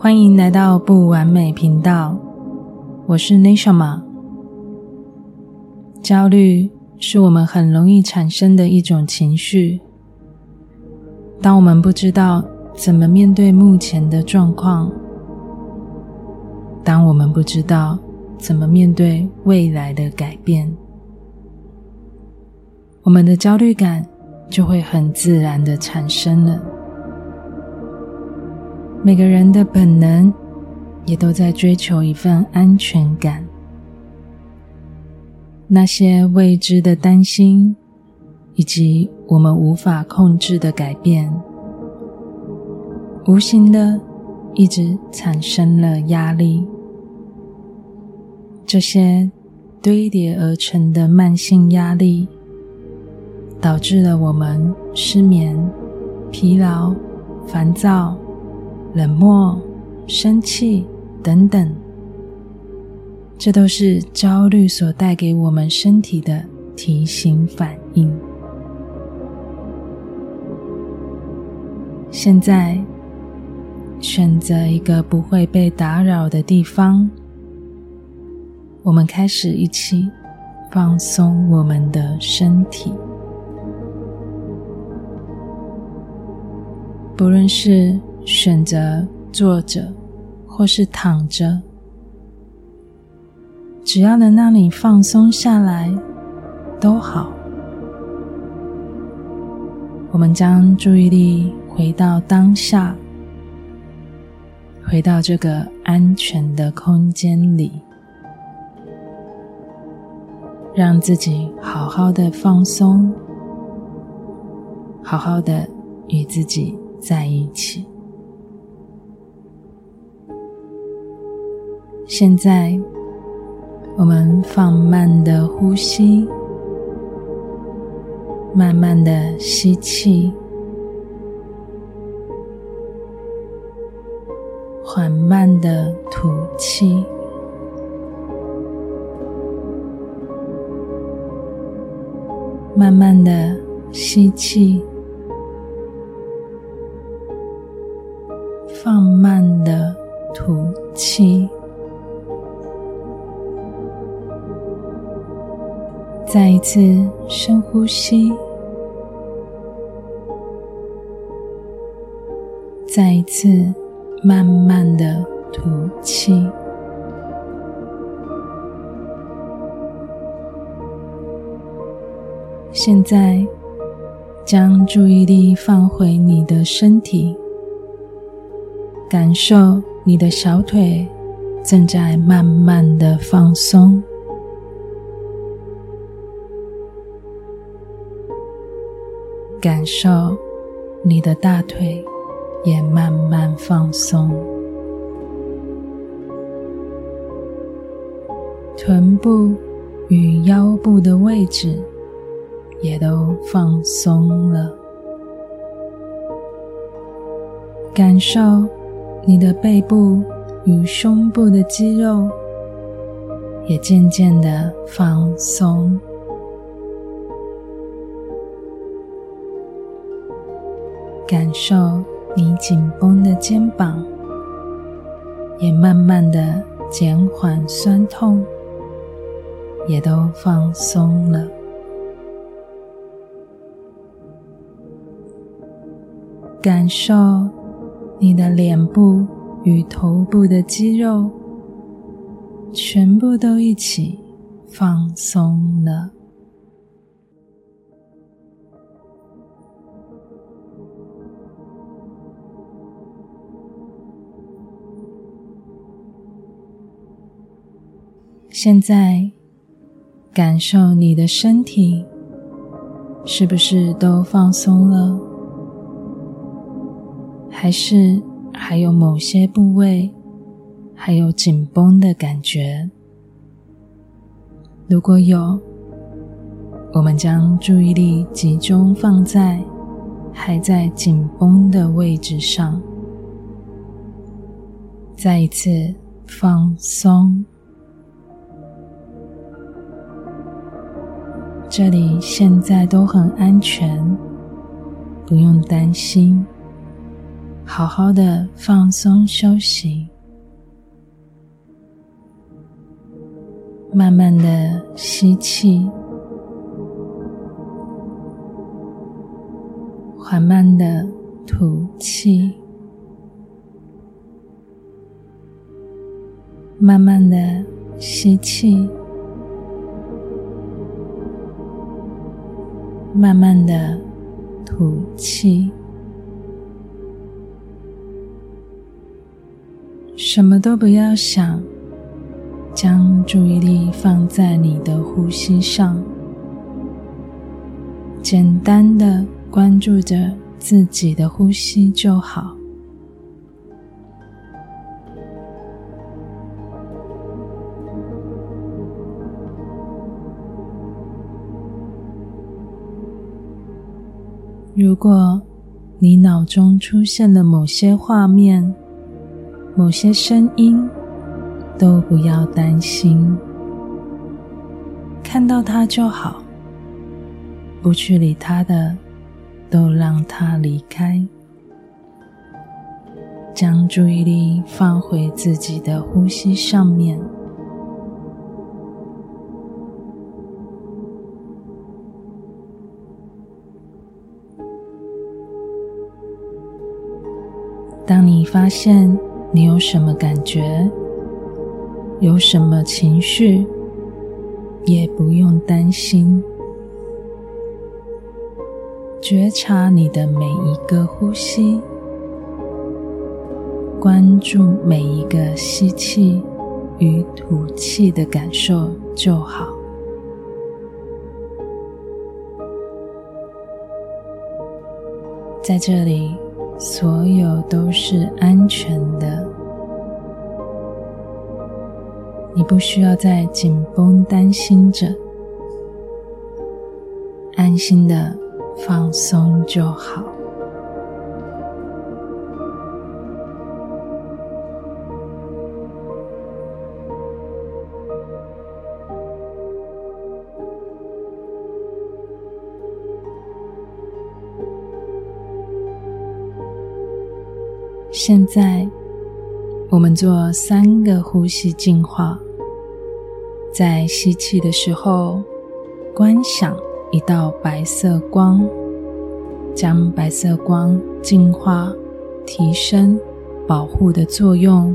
歡迎來到不完美頻道，我是 Neshama。焦慮是我們很容易產生的一種情緒。當我們不知道怎麼面對目前的狀況，當我們不知道怎麼面對未來的改變，我們的焦慮感就會很自然地產生了。每個人的本能也都在追求一份安全感。那些未知的擔心，以及我們無法控制的改變，無形的一直產生了壓力。這些堆疊而成的慢性壓力，導致了我們失眠、疲勞、煩躁。冷漠、生氣等等，這都是焦慮所帶給我們身體的提醒反應。現在，選擇一個不會被打擾的地方，我們開始一起放鬆我們的身體，不論是。選擇坐着，或是躺着，只要能讓你放鬆下來，都好。我們將注意力回到當下，回到這個安全的空間裡，讓自己好好的放鬆，好好的與自己在一起。現在，我們放慢的呼吸，慢慢的吸氣，緩慢的吐氣，慢慢的吸氣，放慢的吐氣。再一次深呼吸，再一次慢慢的吐氣。現在，將注意力放回你的身體，感受你的小腿正在慢慢的放鬆。感受你的大腿也慢慢放鬆，臀部與腰部的位置也都放鬆了。感受你的背部與胸部的肌肉也漸漸的放鬆。感受你緊繃的肩膀，也慢慢的減緩酸痛，也都放鬆了。感受你的臉部與頭部的肌肉，全部都一起放鬆了。現在，感受你的身體是不是都放鬆了？還是還有某些部位還有緊繃的感覺？如果有，我們將注意力集中放在還在緊繃的位置上，再一次放鬆。這裡現在都很安全，不用擔心。好好的放鬆休息，慢慢的吸氣，緩慢的吐氣，慢慢的吸氣。慢慢的吐氣，什麼都不要想，將注意力放在你的呼吸上，簡單的關注着自己的呼吸就好。如果你腦中出現了某些畫面、某些聲音，都不要擔心，看到它就好，不去理它的，都讓它離開，將注意力放回自己的呼吸上面。當你發現你有什麼感覺，有什麼情緒，也不用擔心。覺察你的每一個呼吸，關注每一個吸氣與吐氣的感受就好。在這裡，所有都是安全的，你不需要再緊繃擔心着，安心的放鬆就好。現在，我們做三個呼吸淨化。在吸氣的時候，觀想一道白色光，將白色光淨化、提升保護的作用。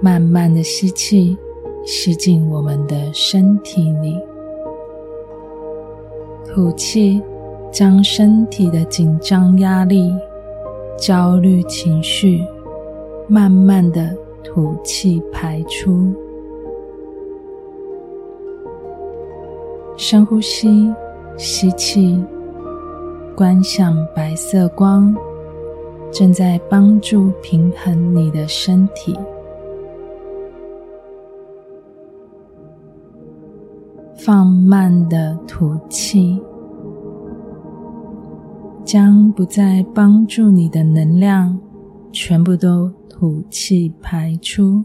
慢慢的吸氣，吸進我們的身體裡；吐氣，將身體的緊張壓力。焦慮情緒，慢慢的吐氣排出。深呼吸，吸氣，觀想白色光正在幫助平衡你的身體。放慢的吐氣。將不再幫助你的能量，全部都吐氣排出。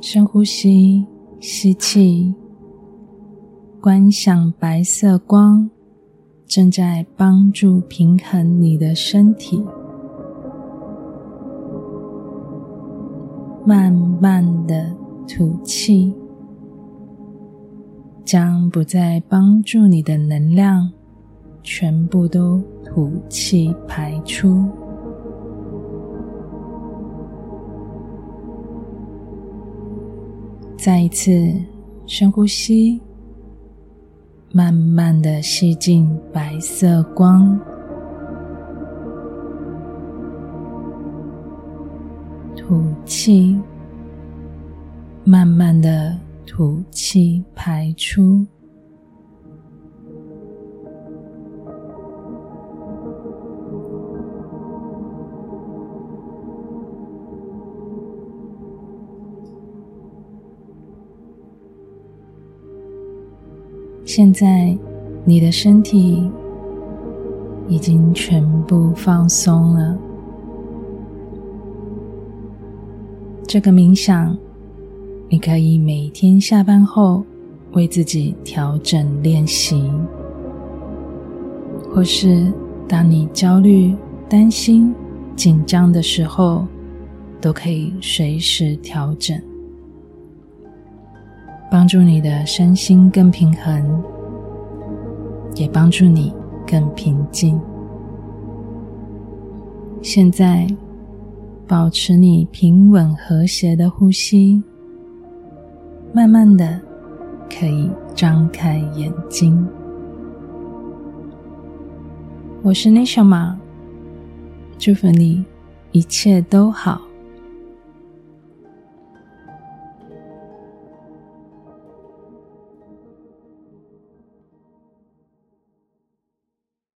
深呼吸，吸氣，觀想白色光正在幫助平衡你的身體。慢慢的吐氣。將不再幫助你的能量，全部都吐氣排出。再一次深呼吸，慢慢的吸進白色光。吐氣，慢慢的。吐氣排出。現在你的身體已經全部放鬆了，這個冥想。你可以每天下班後為自己調整練習，或是當你焦慮、擔心、緊張的時候，都可以隨時調整，幫助你的身心更平衡，也幫助你更平靜。現在，保持你平穩和諧的呼吸。慢慢的，可以張開眼睛。我是 Neshama，祝福你一切都好。